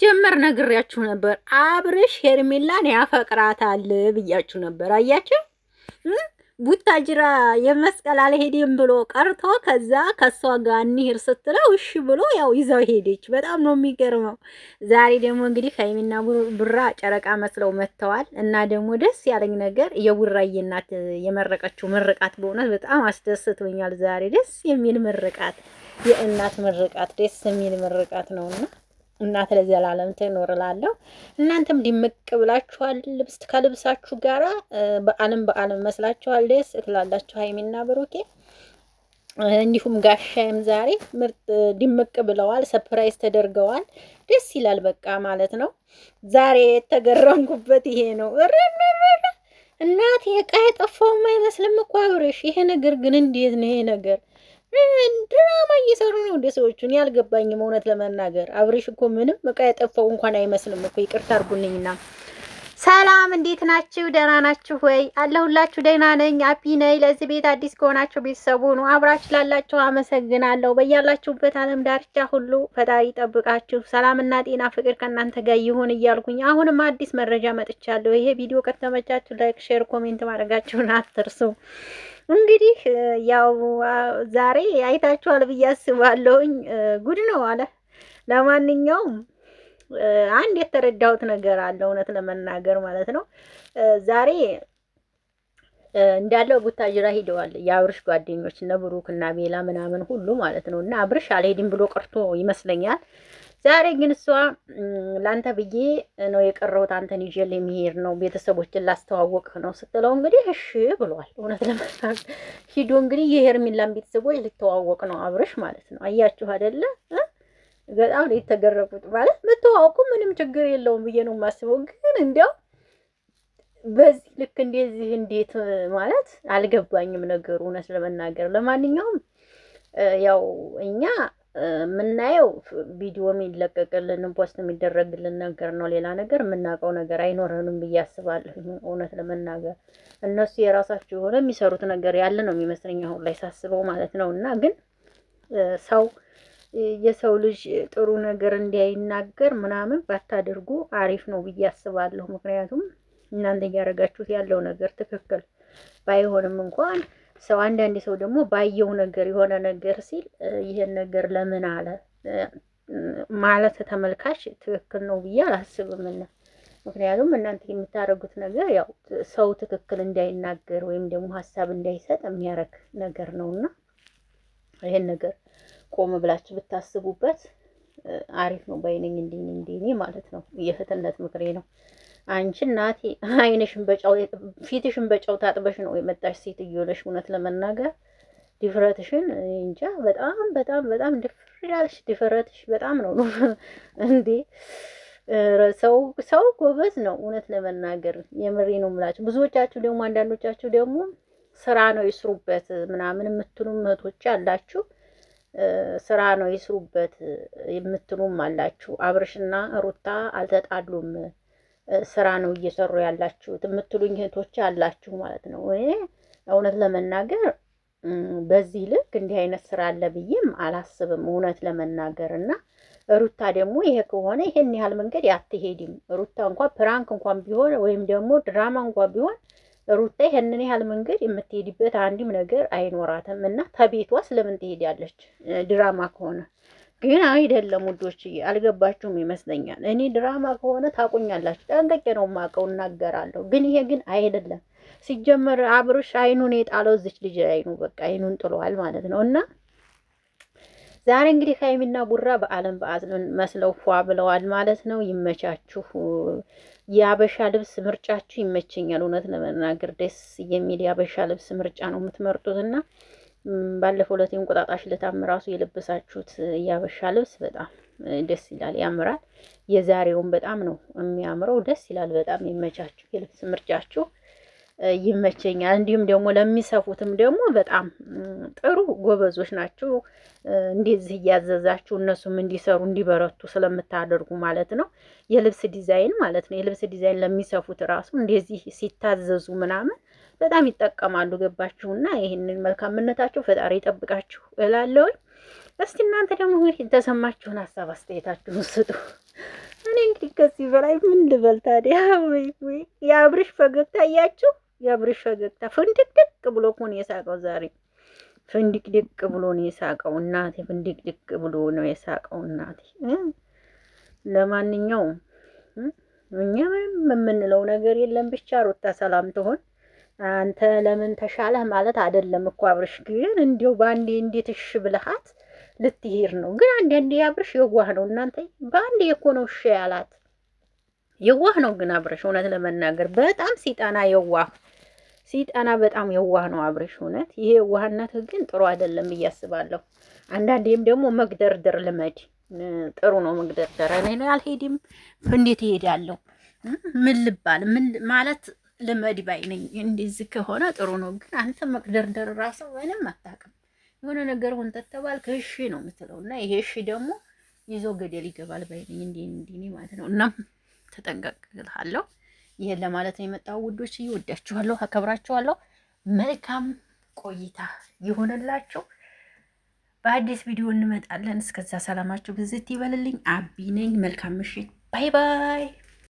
ሲጀመር ነግሬያችሁ ነበር። አብርሽ ሄርሜላን ያፈቅራታል ብያችሁ ነበር። አያችሁ ቡታጅራ የመስቀል አልሄድም ብሎ ቀርቶ ከዛ ከሷ ጋር እንሂድ ስትለው እሺ ብሎ ያው ይዘው ሄደች። በጣም ነው የሚገርመው። ዛሬ ደግሞ እንግዲህ ሀይሚና ቡራ ጨረቃ መስለው መጥተዋል እና ደግሞ ደስ ያለኝ ነገር የቡራዬ እናት የመረቀችው ምርቃት በእውነት በጣም አስደስቶኛል። ዛሬ ደስ የሚል ምርቃት፣ የእናት ምርቃት፣ ደስ የሚል ምርቃት ነውና እናት ለዘላለም ትኖር እላለሁ። እናንተም ድምቅ ብላችኋል። ልብስ ከልብሳችሁ ጋራ በዓለም በዓለም መስላችኋል። ደስ እትላላችሁ ሀይሚና ብሩኬ እንዲሁም ጋሻይም ዛሬ ምርጥ ድምቅ ብለዋል። ሰፕራይዝ ተደርገዋል። ደስ ይላል። በቃ ማለት ነው። ዛሬ የተገረምኩበት ይሄ ነው። እናት የቃ የጠፋውም አይመስልም እኮ አብርሽ። ይሄ ነገር ግን እንዴት ነው ይሄ ነገር ድራማ እየሰሩ ነው እንደ ሰዎቹ። እኔ አልገባኝም። እውነት ለመናገር አብሬሽ እኮ ምንም እቃ የጠፋው እንኳን አይመስልም እኮ። ይቅርታ አድርጉልኝና ሰላም እንዴት ናችሁ? ደህና ናችሁ ወይ? አለሁላችሁ። ደህና ነኝ፣ አፒ ነኝ። ለዚህ ቤት አዲስ ከሆናችሁ ቤተሰቡ ነው። አብራችሁ ላላችሁ አመሰግናለሁ። በያላችሁበት ዓለም ዳርቻ ሁሉ ፈጣሪ ይጠብቃችሁ። ሰላምና ጤና፣ ፍቅር ከእናንተ ጋር ይሁን እያልኩኝ አሁንም አዲስ መረጃ መጥቻለሁ። ይሄ ቪዲዮ ከተመቻችሁ ላይክ፣ ሼር፣ ኮሜንት ማድረጋችሁን አትርሱ። እንግዲህ ያው ዛሬ አይታችኋል ብዬ አስባለሁኝ። ጉድ ነው አለ። ለማንኛውም አንድ የተረዳሁት ነገር አለ፣ እውነት ለመናገር ማለት ነው። ዛሬ እንዳለው ቡታጅራ ሂደዋል የአብርሽ ጓደኞች እነ ብሩክ እና ቤላ ምናምን ሁሉ ማለት ነው። እና አብርሽ አልሄድም ብሎ ቀርቶ ይመስለኛል ዛሬ ግን እሷ ለአንተ ብዬ ነው የቀረሁት፣ አንተን ይዤ የሚሄድ ነው ቤተሰቦችን ላስተዋወቅህ ነው ስትለው እንግዲህ እሺ ብሏል። እውነት ለመናገር ሂዶ እንግዲህ የሄርሚላን ቤተሰቦች ልተዋወቅ ነው አብረሽ ማለት ነው። አያችሁ አይደለ? በጣም ነው ማለት መተዋወቁ ምንም ችግር የለውም ብዬ ነው የማስበው፣ ግን እንዲያው በዚህ ልክ እንደዚህ እንዴት ማለት አልገባኝም ነገሩ እውነት ለመናገር ለማንኛውም ያው እኛ የምናየው ቪዲዮ የሚለቀቅልን ፖስት የሚደረግልን ነገር ነው። ሌላ ነገር የምናውቀው ነገር አይኖረንም ብዬ አስባለሁ። እውነት ለመናገር እነሱ የራሳቸው የሆነ የሚሰሩት ነገር ያለ ነው የሚመስለኝ አሁን ላይ ሳስበው ማለት ነው። እና ግን ሰው የሰው ልጅ ጥሩ ነገር እንዳይናገር ምናምን ባታደርጉ አሪፍ ነው ብዬ አስባለሁ። ምክንያቱም እናንተ እያደረጋችሁት ያለው ነገር ትክክል ባይሆንም እንኳን ሰው አንዳንድ ሰው ደግሞ ባየው ነገር የሆነ ነገር ሲል ይሄን ነገር ለምን አለ ማለት ተመልካች ትክክል ነው ብዬ አላስብም። ምክንያቱም እናንተ የምታደርጉት ነገር ያው ሰው ትክክል እንዳይናገር ወይም ደግሞ ሀሳብ እንዳይሰጥ የሚያደርግ ነገር ነው እና ይህን ነገር ቆም ብላችሁ ብታስቡበት አሪፍ ነው ባይነኝ። እንዲህ እንዲህ ማለት ነው የእህትነት ምክሬ ነው። አንቺ እናቴ አይንሽን በጨው ፊትሽን በጨው ታጥበሽ ነው የመጣሽ ሴትዮ ነሽ። እውነት ለመናገር ድፍረትሽን እንጃ፣ በጣም በጣም በጣም ድፍር ያልሽ ድፍረትሽ በጣም ነው እንዴ! ሰው ሰው ጎበዝ ነው እውነት ለመናገር የምሬ ነው የምላችሁ። ብዙዎቻችሁ ደግሞ አንዳንዶቻችሁ ደግሞ ስራ ነው ይስሩበት ምናምን የምትሉ እህቶች አላችሁ። ስራ ነው ይስሩበት የምትሉም አላችሁ። አብርሽና ሩታ አልተጣሉም ስራ ነው እየሰሩ ያላችሁት የምትሉኝ እህቶች አላችሁ ማለት ነው። እውነት ለመናገር በዚህ ልክ እንዲህ አይነት ስራ አለ ብዬም አላስብም እውነት ለመናገር እና ሩታ ደግሞ ይሄ ከሆነ ይሄን ያህል መንገድ አትሄድም። ሩታ እንኳ ፕራንክ እንኳን ቢሆን ወይም ደግሞ ድራማ እንኳን ቢሆን ሩታ ይሄንን ያህል መንገድ የምትሄድበት አንድም ነገር አይኖራትም እና ከቤቷ ስለምን ትሄዳለች? ድራማ ከሆነ ግን አይደለም ውዶችዬ፣ አልገባችሁም ይመስለኛል። እኔ ድራማ ከሆነ ታቁኛላችሁ፣ ጠንቀቄ ነው የማውቀው፣ እናገራለሁ። ግን ይሄ ግን አይደለም። ሲጀመር አብርሽ አይኑን የጣለው እዚች ልጅ አይኑ በቃ አይኑን ጥሏል ማለት ነው። እና ዛሬ እንግዲህ ሀይሚና ቡራ በአለም በአዝ መስለው ፏ ብለዋል ማለት ነው። ይመቻችሁ። የአበሻ ልብስ ምርጫችሁ ይመቸኛል። እውነት ለመናገር ደስ የሚል የአበሻ ልብስ ምርጫ ነው የምትመርጡት እና ባለፈው ዕለት እንቁጣጣሽ ለታም ራሱ የለበሳችሁት ያበሻ ልብስ በጣም ደስ ይላል፣ ያምራል። የዛሬውን በጣም ነው የሚያምረው፣ ደስ ይላል። በጣም ይመቻችሁ፣ የልብስ ምርጫችሁ ይመቸኛል። እንዲሁም ደግሞ ለሚሰፉትም ደግሞ በጣም ጥሩ ጎበዞች ናቸው። እንደዚህ እያዘዛችሁ እነሱም እንዲሰሩ እንዲበረቱ ስለምታደርጉ ማለት ነው። የልብስ ዲዛይን ማለት ነው። የልብስ ዲዛይን ለሚሰፉት ራሱ እንደዚህ ሲታዘዙ ምናምን በጣም ይጠቀማሉ። ገባችሁና? ይህንን መልካምነታቸው ፈጣሪ ይጠብቃችሁ እላለሁኝ። እስቲ እናንተ ደግሞ እንግዲህ የተሰማችሁን ሀሳብ አስተያየታችሁን ስጡ። እኔ እንግዲህ ከዚህ በላይ ምን ልበል ታዲያ? ወይ ወይ የአብርሽ ፈገግታ እያችሁ የአብርሽ ፈገግታ ፍንድቅ ድቅ ብሎ እኮ ነው የሳቀው ዛሬ ፍንድቅ ድቅ ብሎ ነው የሳቀው እናቴ፣ ፍንድቅ ድቅ ብሎ ነው የሳቀው እናቴ። ለማንኛውም እኛ ምንም የምንለው ነገር የለም። ብቻ ሩታ ሰላም ትሆን። አንተ ለምን ተሻለህ ማለት አይደለም እኮ አብርሽ፣ ግን እንዲው በአንዴ እንዴት እሽ ብልሃት ልትሄድ ነው። ግን አንዳንዴ አብርሽ የዋህ ነው እናንተ። በአንዴ እኮ ነው እሺ ያላት። የዋህ ነው ግን አብርሽ፣ እውነት ለመናገር በጣም ሲጠና የዋህ ሲጠና በጣም የዋህ ነው አብርሽ። እውነት ይሄ የዋህነት ግን ጥሩ አይደለም እያስባለሁ። አንዳንዴም ደግሞ መግደርደር ልመድ፣ ጥሩ ነው መግደርደር። እኔ አልሄድም እንዴት እሄዳለሁ ምን ልባል ምን ማለት ልመድ ባይ ነኝ። እንደዚህ ከሆነ ጥሩ ነው። ግን አንተ መቅደርደር ራሱ ምንም አታውቅም። የሆነ ነገር ሁን ተተባልክ እሺ ነው የምትለው እና ይሄ እሺ ደግሞ ይዞ ገደል ይገባል ባይ ነኝ። እንዲ እንዲ ማለት ነው። እና ተጠንቀቅልሃለሁ። ይሄን ለማለት ነው የመጣው። ውዶች እወዳችኋለሁ፣ አከብራችኋለሁ። መልካም ቆይታ ይሆንላችሁ። በአዲስ ቪዲዮ እንመጣለን። እስከዛ ሰላማችሁ ብዝት ይበልልኝ። አቢ ነኝ። መልካም ምሽት። ባይ ባይ